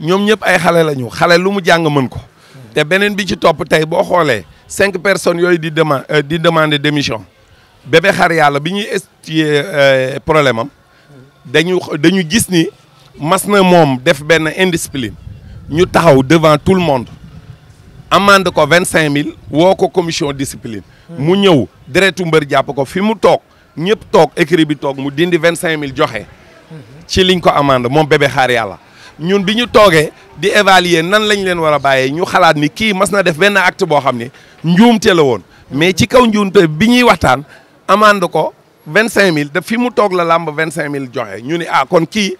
ñoom ñëpp ay xale lañu xale lu mu jàng mën ko te beneen bi ci topp tey boo xoolee cinq personnes yooyu di demande euh, di demander démission bébé xar yàlla bi ñuy étudier euh, problème am dañu dañu gis ni mas na moom def benn indiscipline ñu taxaw devant tout le monde amende ko vingt cinq mille woo ko commission discipline mu ñëw deretu mbër jàpp ko fi mu toog ñëpp toog écrit bi toog mu dindi vingt cinq mille joxe ci liñ ko amende moom bébé xaar yàlla ñun bi ñu toogee di évaluer nan lañ leen war a bàyyee ñu xalaat ni kii mas na def benn acte boo xam ni te la woon mais ci kaw njuumte bi ñuy waxtaan amande ko vingt cinq mille te fi mu toog la làmb vingt cinq mille joxe ñu ni ah kon kii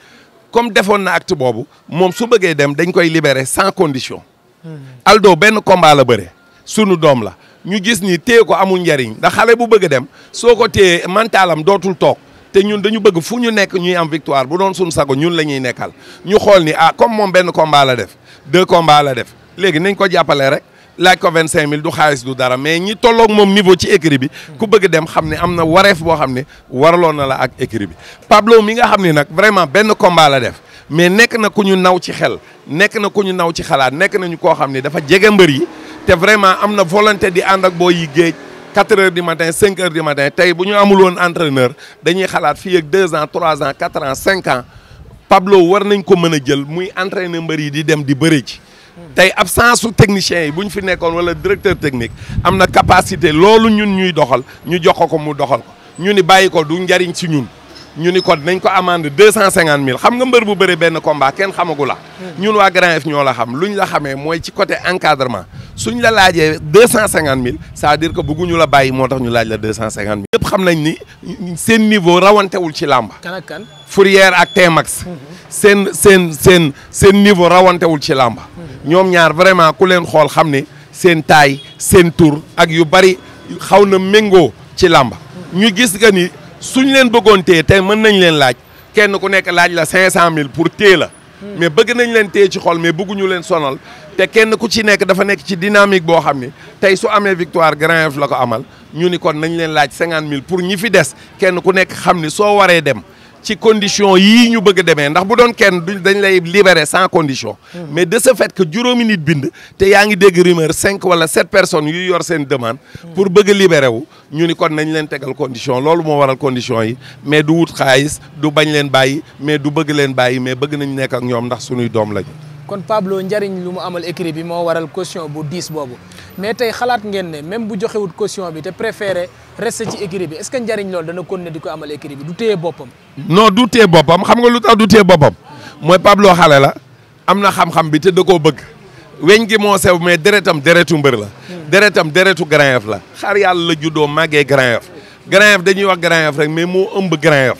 comme defoon na acte boobu moom su bëggee dem dañ koy libérer sans condition hmm. Aldo benn combat la bëre sunu doom la ñu gis nii téye ko amu njariñ ndax xale bu bëgg a dem soo ko téye mentalam dootul toog te ñun dañu bëgg fu ñu nekk ñuy am victoire bu doon suñu sago ñun la ñuy nekkal ñu xool ni ah comme moom benn combat la def deux combats la def léegi nañ ko jàppale rek laaj ko vingt cinq mille du xaalis du dara mais ñi tolloog moom niveau ci écrit bi ku bëgg dem xam ne am na wareef boo xam ne waraloon na la ak écrit bi Pablo mi nga xam ni nag vraiment benn combat la def mais nekk na ku ñu naw ci xel nekk na ku ñu naw ci xalaat nekk nañu koo xam ni dafa jege mbër yi te vraiment am na volonté di ànd ak boo yi géej quatre heures du matin cinq heures du matin tey bu ñu amuloon woon entraîneur dañuy xalaat fii ak deux ans trois an quatre ans cinq ans Pablo war nañ ko mën a jël muy entraîneur mbër yi di dem di bëri ji. tey absence su technicien yi bu ñu fi nekkoon wala directeur technique am na capacité loolu ñun ñuy doxal ñu jox ko mu doxal ko ñu ni bàyyi ko du njariñ si ñun ñu ni ko nañ ko amende deux cent cinquante mille xam nga mbër bu bëri benn combat kenn xamagu la. Hmm. ñun waa Grand F ñoo la xam luñ la xamee mooy ci côté encadrement. suñ la laajee deux cent cinquante mille c'est-à-dire que bëgguñu la bàyyi moo tax ñu laaj la deux cent cinquante mille. xam nañ ni seen niveau rawantewul ci làmba kan ak kan Fourrière ak Tmax. Mhm. seen seen seen seen niveau rawantewul ci làmba mhm. ñoom ñaar vraiment ku leen xool xam ni seen taay seen tur ak yu bari xaw na méngoo ci làmba mhm. ñu gis nga ni suñ leen bëggoon téye tey mën nañ leen laaj kenn ku nekk laaj la cinq cent mille pour téye la. mais bëgg nañ leen téye ci xol mais bëgguñu leen sonal te kenn ku ci nekk dafa nekk ci dynamique boo xam ni tey su amee victoire Grand Yoff la ko amal ñu ni kon nañ leen laaj cinquante mille pour ñi fi des kenn ku nekk xam ni soo waree dem ci condition yii ñu bëgg demee ndax bu doon kenn duñ dañ lay libere sans condition mm-hmm. mais de ce fait que juróomi nit bind te yaa ngi dégg rumeur cinq wala sept personnes yu yor seen demande mm-hmm. pour bëgg libérer wu ñu ni kon nañ leen tegal condition loolu moo waral condition yi mais du wut xaalis du bañ leen bàyyi mais du bëgg leen bàyyi mais bëgg nañu nekk ak ñoom ndax suñuy doom lañu kon Pablo njariñ lu mu amal écrit bi moo waral caution bu diis boobu mais tey xalaat ngeen ne même bu joxewut caution bi te préféré rester ci écurie bi est-ce que njariñ loolu dana continuer di ko amal écurie bi du téye boppam. non du téye boppam xam nga lu tax du téye boppam mooy Pablo xale la am na xam-xam bi te da koo bëgg. weñ gi moo sew mais deretam deretu mbër la. deretam deretu Grand Yoff la. xar yàlla la juddoo màggee Grand Yoff. Grand Yoff dañuy wax Grand rek mais moo ëmb Grand Yoff.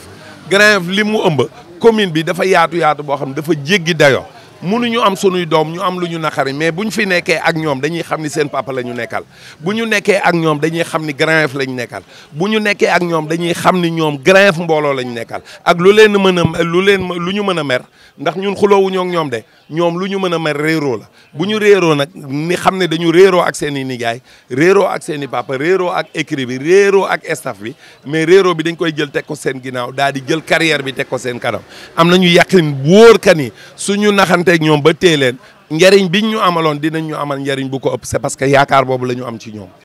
Grand li mu ëmb commune bi dafa yaatu yaatu boo xam dafa jéggi dayoo. ñu am sunuy doom ñu am lu ñu naqari mais bu ñu fi nekkee ak ñoom dañuy xam ni seen papa la ñu nekkal bu ñu nekkee ak ñoom dañuy xam ni Grand Yoff nekkal bu ñu nekkee ak ñoom dañuy xam ni ñoom Grand mbooloo la ñu nekkal ak lu leen mën a lu leen lu ñu mën a mer ndax ñun xuloowuñoo ak ñoom de ñoom lu ñu mën a mer réeroo la bu ñu réeroo nag ni xam ne dañu réeroo ak seeni i nijaay réeroo ak seeni i papa réeroo ak écrit bi réeroo ak staff bi mais réeroo bi dañ koy jël teg ko seen ginnaaw daal di jël carrière bi teg ko seen kanam am nañu yàqin wóor taseeg ñoom ba téye leen njariñ biñ ñu amaloon dinañ ñu amal njariñ bu ko ëpp c'est que yaakaar boobu am ci ñoom